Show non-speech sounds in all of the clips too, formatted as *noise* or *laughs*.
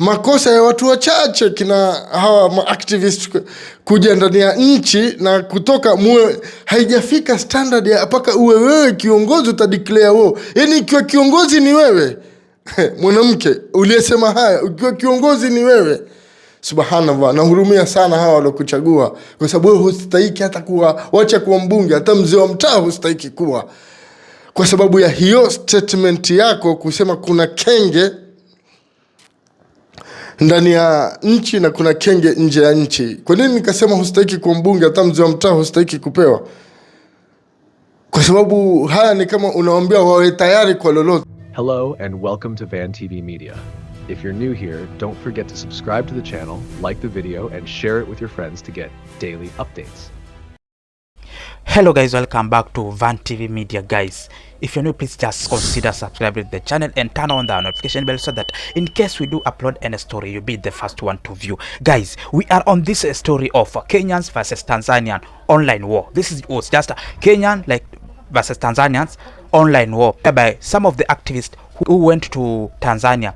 makosa ya watu wachache kina hawa maactivist kuja ndani ya nchi na kutoka, muwe haijafika standard ya mpaka uwe wewe kiongozi utadiklea wo, yani ikiwa kiongozi ni wewe *laughs* mwanamke uliyesema haya, ukiwa kiongozi ni wewe Subhanallah, nahurumia sana hawa waliokuchagua, kwa sababu wewe hustahiki hata kuwa, wacha kuwa mbunge, hata mzee wa mtaa hustahiki kuwa, kwa sababu ya hiyo statement yako kusema kuna kenge ndani ya nchi na kuna kenge nje ya nchi. Kwa nini nikasema hustahiki kuwa mbunge? Hata mzee wa mtaa hustahiki kupewa, kwa sababu haya ni kama unaombea wawe tayari kwa lolote. Hello and welcome to Van TV Media. If you're new here, don't forget to subscribe to the channel, like the video and share it with your friends to get daily updates hello guys welcome back to van tv media guys if you're new please just consider subscribing to the channel and turn on the notification bell so that in case we do upload any story you'll be the first one to view guys we are on this uh, story of kenyans versus tanzanian online war this is it's just kenyan like versus tanzanians online war by some of the activists who went to tanzania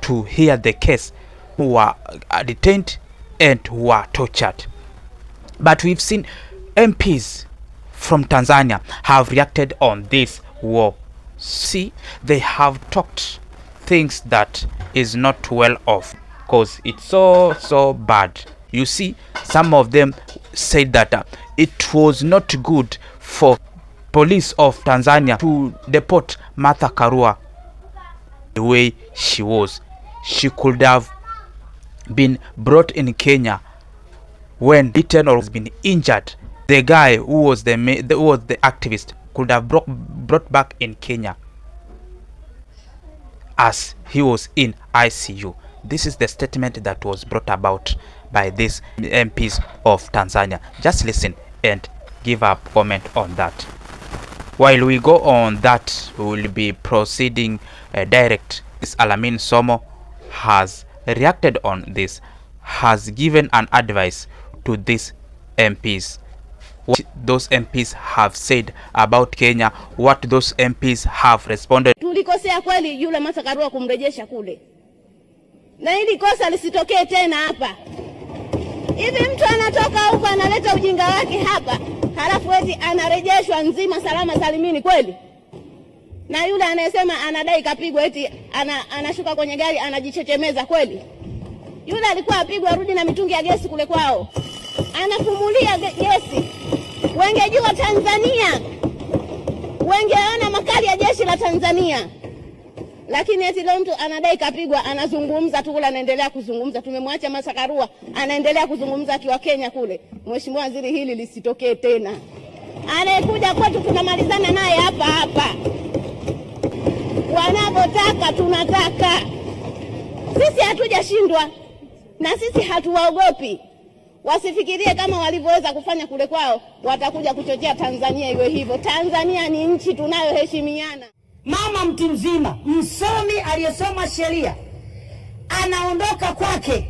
to hear the case who were uh, detained and who were tortured but we've seen MPs from Tanzania have reacted on this war. See, they have talked things that is not well off because it's so so bad. You see, some of them said that uh, it was not good for police of Tanzania to deport Martha Karua the way she was. She could have been brought in Kenya when beaten or has been injured the guy who was the, the who was the activist could have brought, brought back in Kenya as he was in ICU. This is the statement that was brought about by these MPs of Tanzania. Just listen and give a comment on that. While we go on that, we will be proceeding uh, direct. This Alamin Somo has reacted on this, has given an advice to these MPs what those MPs have said about Kenya, what those MPs have responded. Tulikosea kweli yule Martha Karua kumrejesha kule, na hili kosa lisitokee tena hapa. Hivi mtu anatoka huko analeta ujinga wake hapa, halafu eti anarejeshwa nzima salama salimini kweli? Na yule anayesema anadai kapigwa eti ana, anashuka kwenye gari anajichechemeza kweli? Yule alikuwa apigwa, arudi na mitungi ya gesi kule kwao anapumulia gesi. Wengejua Tanzania, wengeona makali ya jeshi la Tanzania. Lakini eti leo mtu anadai kapigwa, anazungumza tu kule, anaendelea kuzungumza. Tumemwacha Masakarua anaendelea kuzungumza akiwa Kenya kule. Mheshimiwa Waziri, hili lisitokee tena. Anayekuja kwetu tunamalizana naye hapa hapa. Wanavyotaka tunataka sisi, hatujashindwa na sisi hatuwaogopi. Wasifikirie kama walivyoweza kufanya kule kwao, watakuja kuchochea Tanzania iwe hivyo. Tanzania ni nchi tunayoheshimiana. Mama mtu mzima msomi aliyesoma sheria anaondoka kwake,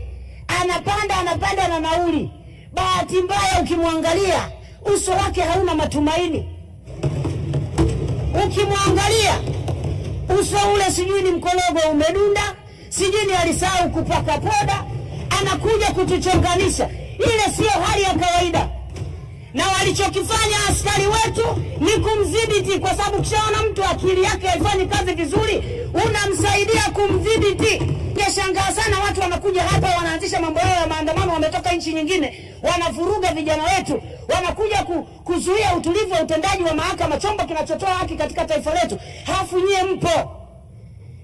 anapanda anapanda na nauli. Bahati mbaya, ukimwangalia uso wake hauna matumaini, ukimwangalia uso ule, sijui ni mkologo umedunda, sijui ni alisahau kupaka poda, anakuja kutuchonganisha. Ile sio hali ya kawaida, na walichokifanya askari wetu ni kumdhibiti, kwa sababu kishaona mtu akili yake haifanyi kazi vizuri, unamsaidia kumdhibiti. Ningeshangaa sana watu wanakuja hapa wanaanzisha mambo yao ya maandamano, wametoka nchi nyingine, wanavuruga vijana wetu, wanakuja ku, kuzuia utulivu wa utendaji wa mahakama, chombo kinachotoa haki katika taifa letu, halafu nyie mpo.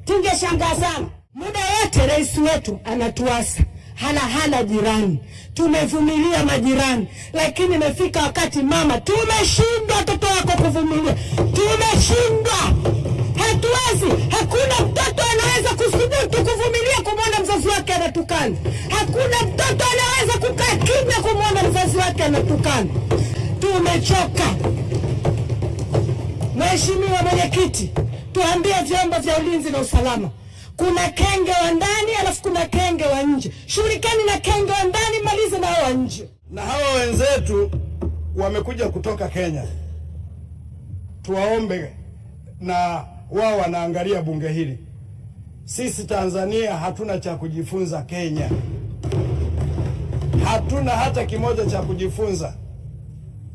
Tungeshangaa sana. Muda wote rais wetu anatuasa hana hana jirani, tumevumilia majirani, lakini imefika wakati mama, tumeshindwa watoto wako kuvumilia, tumeshindwa hatuwezi. Hakuna mtoto anaweza kuthubutu kuvumilia kumwona mzazi wake anatukana. Hakuna mtoto anaweza kukaa kimya kumwona mzazi wake anatukana. Tumechoka. Mheshimiwa Mwenyekiti, tuambie vyombo vya ulinzi na usalama kuna kenge wa ndani alafu kuna kenge wa nje. Shughulikani na kenge wa ndani, malize na wa nje. Na hawa wenzetu wamekuja kutoka Kenya, tuwaombe na wao wanaangalia bunge hili. Sisi Tanzania hatuna cha kujifunza Kenya, hatuna hata kimoja cha kujifunza.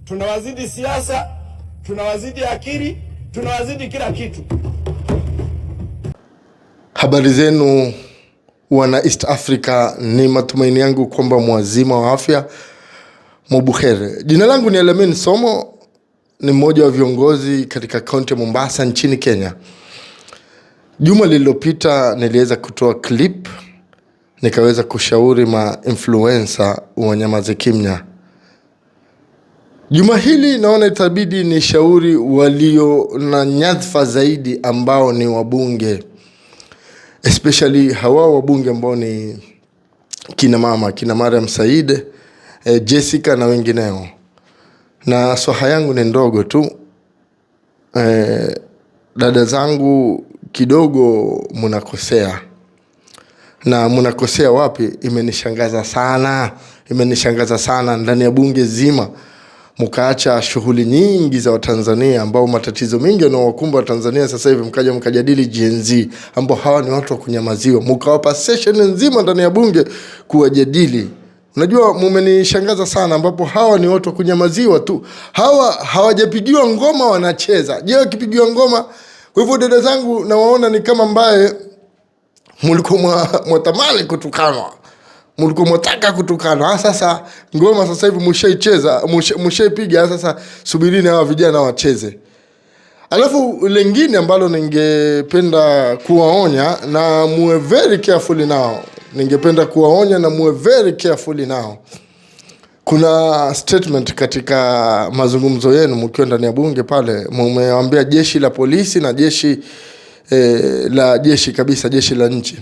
Tunawazidi siasa, tunawazidi akili, tunawazidi kila kitu. Habari zenu wana East Africa, ni matumaini yangu kwamba mwazima wa afya mubuhere. Jina langu ni Elemen Somo, ni mmoja wa viongozi katika kaunti ya Mombasa nchini Kenya. Juma lililopita niliweza kutoa clip, nikaweza kushauri ma influencer wanyamaze kimya. Juma hili naona itabidi ni shauri walio na nyadhifa zaidi ambao ni wabunge especially hawa wabunge ambao ni kina mama kina Mariam Said eh, Jessica na wengineo. Na swaha yangu ni ndogo tu eh, dada zangu kidogo mnakosea na mnakosea wapi? Imenishangaza sana, imenishangaza sana ndani ya bunge zima mkaacha shughuli nyingi za Watanzania ambao matatizo mengi yanaowakumba Watanzania sasa hivi, mkaja mkajadili Gen Z ambao hawa ni watu wa kunyamaziwa, mkawapa session nzima ndani ya bunge kuwajadili. Unajua, mumenishangaza sana, ambapo hawa ni watu wa kunyamaziwa tu, hawa hawajapigiwa ngoma, wanacheza. Je, wakipigiwa ngoma? Kwa hivyo dada zangu, nawaona ni kama mbaye mulikuwa mwatamani kutukanwa mlikuwa mnataka kutukana. Ah, sasa ngoma sasa hivi mshaicheza, mshaipiga. Ah, sasa subirini hawa vijana wacheze. Alafu lengine ambalo ningependa kuwaonya na muwe very careful nao, ningependa kuwaonya na muwe very careful nao. Kuna statement katika mazungumzo yenu mkiwa ndani ya bunge pale, mmewaambia jeshi la polisi na jeshi eh, la jeshi kabisa, jeshi la nchi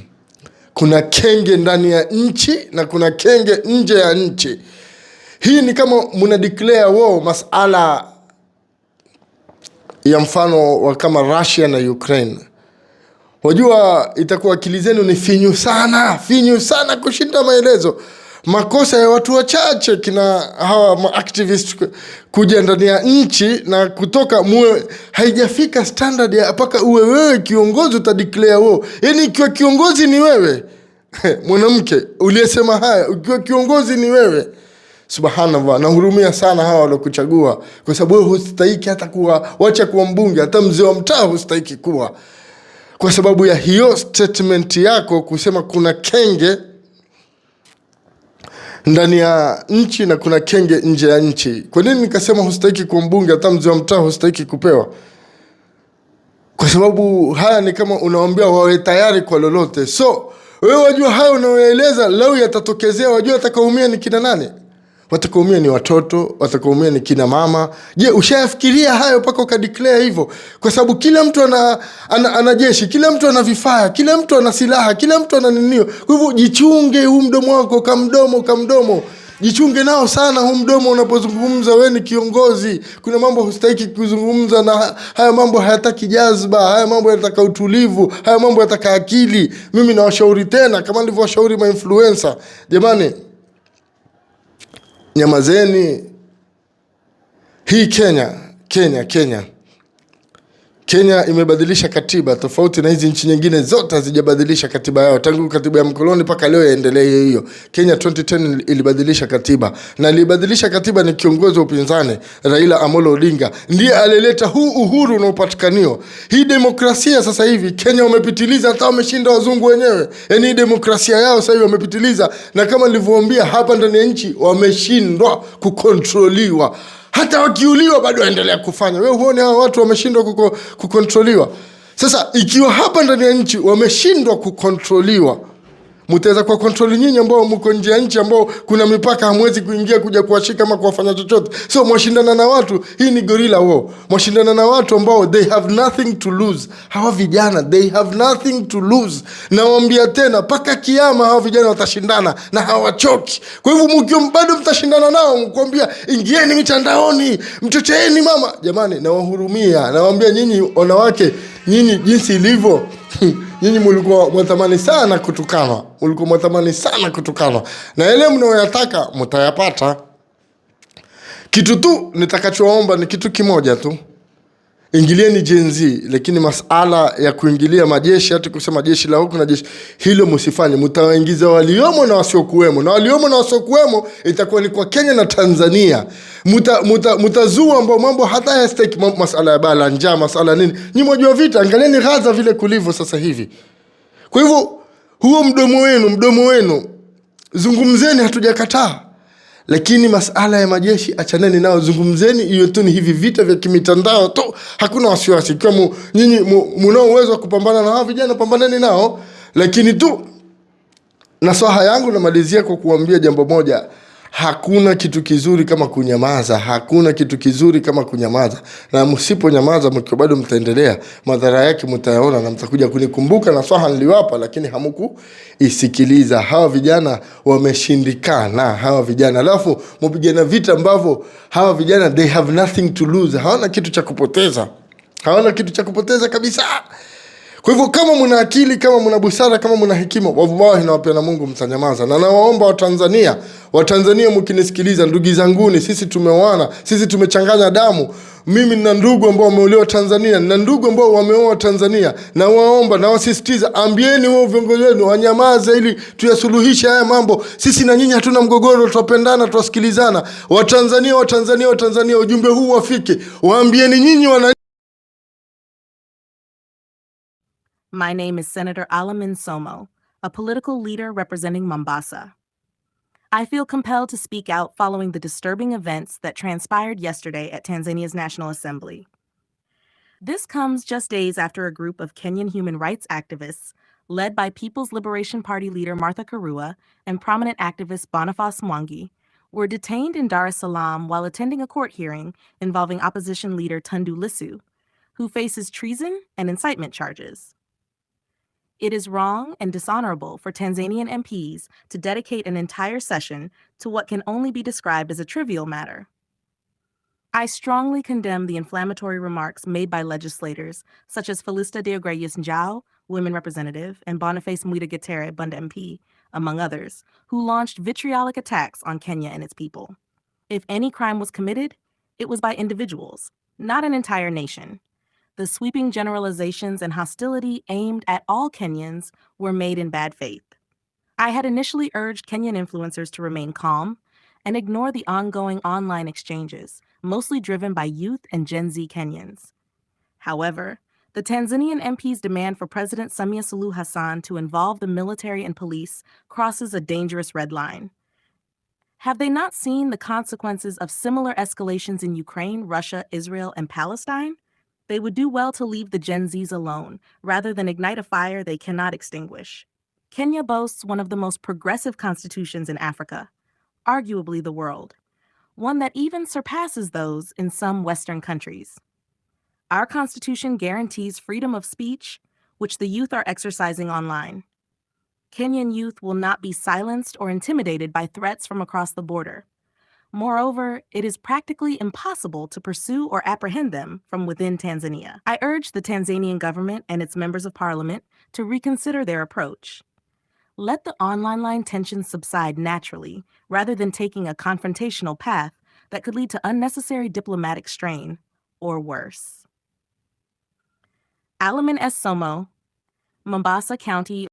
kuna kenge ndani ya nchi na kuna kenge nje ya nchi. Hii ni kama muna declare wo masala ya mfano wa kama Russia na Ukraine. Wajua, itakuwa akili zenu ni finyu sana, finyu sana kushinda maelezo makosa ya watu wachache kina hawa maaktivist kuja ndani ya nchi na kutoka, muwe haijafika standard ya mpaka uwe wewe kiongozi utadiklea wo. Yani ikiwa kiongozi ni wewe *laughs* mwanamke uliyesema haya, ukiwa kiongozi ni wewe Subhanallah, nahurumia sana hawa waliokuchagua, kwa sababu wewe hustahiki hata kuwa, wacha kuwa mbunge, hata mzee wa mtaa hustahiki kuwa, kwa sababu ya hiyo statement yako kusema kuna kenge ndani ya nchi na kuna kenge nje ya nchi. Kwa nini nikasema hustahiki kuwa mbunge, hata mzee wa mtaa hustahiki kupewa? Kwa sababu haya ni kama unawaambia wawe tayari kwa lolote. So wewe wajua haya unayoeleza, lau yatatokezea, wajua atakaumia ni kina nani? watakaumia ni watoto, watakaumia ni kina mama. Je, ushayafikiria hayo mpaka ukadiklea hivyo? Kwa sababu kila mtu ana, ana, ana jeshi, kila mtu ana vifaa, kila mtu ana silaha, kila mtu ana ninio. Kwa hivyo jichunge huu mdomo wako, kamdomo kamdomo jichunge nao sana huu mdomo unapozungumza. We ni kiongozi, kuna mambo hustahiki kuzungumza, na haya mambo hayataki jazba, haya mambo yanataka utulivu, haya mambo yanataka akili. Mimi nawashauri tena, kama nilivyowashauri mainfluensa, jamani Nyamazeni hii Kenya, Kenya, Kenya Kenya imebadilisha katiba tofauti na hizi nchi nyingine zote hazijabadilisha katiba yao tangu katiba ya mkoloni mpaka leo yaendelee hiyo hiyo. Kenya 2010 ilibadilisha katiba na ilibadilisha katiba, ni kiongozi wa upinzani Raila Amolo Odinga ndiye alileta huu uhuru unaopatikaniwa hii demokrasia. Sasa hivi Kenya wamepitiliza, hata wameshinda wazungu wenyewe. Yani hii demokrasia yao sasa hivi wamepitiliza, na kama nilivyoambia hapa ndani ya nchi wameshindwa kukontroliwa hata wakiuliwa bado waendelea kufanya. We huone hawa watu wameshindwa kukontroliwa. Sasa ikiwa hapa ndani ya nchi wameshindwa kukontroliwa mtaweza kuwa kontroli nyinyi ambao mko nje ya nchi, ambao kuna mipaka, hamwezi kuingia kuja kuwashika ama kuwafanya chochote. So mwashindana na watu, hii ni gorila wo Mwashindana na watu ambao they have nothing to lose. Hawa vijana they have nothing to lose, nawambia tena, mpaka kiama hawa vijana watashindana na hawachoki. Kwa hivyo mkiwa bado mtashindana nao, mkuambia ingieni mitandaoni, mchocheeni mama. Jamani, nawahurumia, nawambia nyinyi wanawake, nyinyi jinsi ilivyo *laughs* nyinyi mlikuwa mwathamani sana kutukanwa, mlikuwa mwathamani sana kutukanwa, na yale mnayoyataka mtayapata. Kitu tu nitakachoomba ni kitu kimoja tu ingilieni Gen Z, lakini masala ya kuingilia majeshi, hata kusema jeshi la huku na jeshi hilo msifanye, mtawaingiza waliomo na wasiokuwemo, na waliomo na wasiokuwemo itakuwa ni kwa Kenya na Tanzania. Mtazua ambao mambo hata hashtag, masala ya bala njaa, masala nini, nyi mwajua vita, angalieni Gaza vile kulivyo sasa hivi. Kwa hivyo huo mdomo wenu, mdomo wenu zungumzeni, hatujakataa lakini masala ya majeshi achaneni nao, zungumzeni hiyo tu ni hivi vita vya kimitandao tu, hakuna wasiwasi. Ikiwa nyinyi munao uwezo wa kupambana na hao vijana, pambaneni nao, lakini tu nasaha yangu namalizia kwa kuambia jambo moja. Hakuna kitu kizuri kama kunyamaza, hakuna kitu kizuri kama kunyamaza. Na msiponyamaza mkiwa bado mtaendelea, madhara yake mtayaona na mtakuja kunikumbuka na swaha niliwapa, lakini hamukuisikiliza. Hawa vijana wameshindikana, hawa vijana alafu mupigana vita ambavyo hawa vijana they have nothing to lose, hawana kitu cha kupoteza, hawana kitu cha kupoteza kabisa. Kwa hivyo kama mna akili, kama mna busara, kama mna hekima, wallahi na Mungu mtanyamaza. Na nawaomba Watanzania, Watanzania mkinisikiliza, ndugu zanguni, sisi tumeoana, sisi tumechanganya damu. Mimi na ndugu ambao wameolewa Tanzania, na ndugu ambao wameoa Tanzania. Nawaomba, nawasisitiza, ambieni wao viongozi wenu wanyamaze, ili tuyasuluhishe haya mambo. Sisi na nyinyi hatuna mgogoro, tutapendana, tutasikilizana. Watanzania, Watanzania, Watanzania, ujumbe huu wafike, waambieni nyinyi wana My name is Senator Alamin Somo, a political leader representing Mombasa. I feel compelled to speak out following the disturbing events that transpired yesterday at Tanzania's National Assembly. This comes just days after a group of Kenyan human rights activists, led by People's Liberation Party leader Martha Karua and prominent activist Boniface Mwangi, were detained in Dar es Salaam while attending a court hearing involving opposition leader Tundu Lissu, who faces treason and incitement charges. It is wrong and dishonorable for Tanzanian MPs to dedicate an entire session to what can only be described as a trivial matter. I strongly condemn the inflammatory remarks made by legislators such as Felista Deogreyes Njau, women representative, and Boniface Muita Guterre, Bunda MP, among others, who launched vitriolic attacks on Kenya and its people. If any crime was committed, it was by individuals, not an entire nation the sweeping generalizations and hostility aimed at all Kenyans were made in bad faith. I had initially urged Kenyan influencers to remain calm and ignore the ongoing online exchanges, mostly driven by youth and Gen Z Kenyans. However, the Tanzanian MP's demand for President Samia Suluhu Hassan to involve the military and police crosses a dangerous red line. Have they not seen the consequences of similar escalations in Ukraine, Russia, Israel, and Palestine? They would do well to leave the Gen Zs alone, rather than ignite a fire they cannot extinguish. Kenya boasts one of the most progressive constitutions in Africa, arguably the world, one that even surpasses those in some Western countries. Our Constitution guarantees freedom of speech, which the youth are exercising online. Kenyan youth will not be silenced or intimidated by threats from across the border. Moreover, it is practically impossible to pursue or apprehend them from within Tanzania. I urge the Tanzanian government and its members of parliament to reconsider their approach. Let the online line tensions subside naturally rather than taking a confrontational path that could lead to unnecessary diplomatic strain or worse. Alaman S. Somo, Mombasa County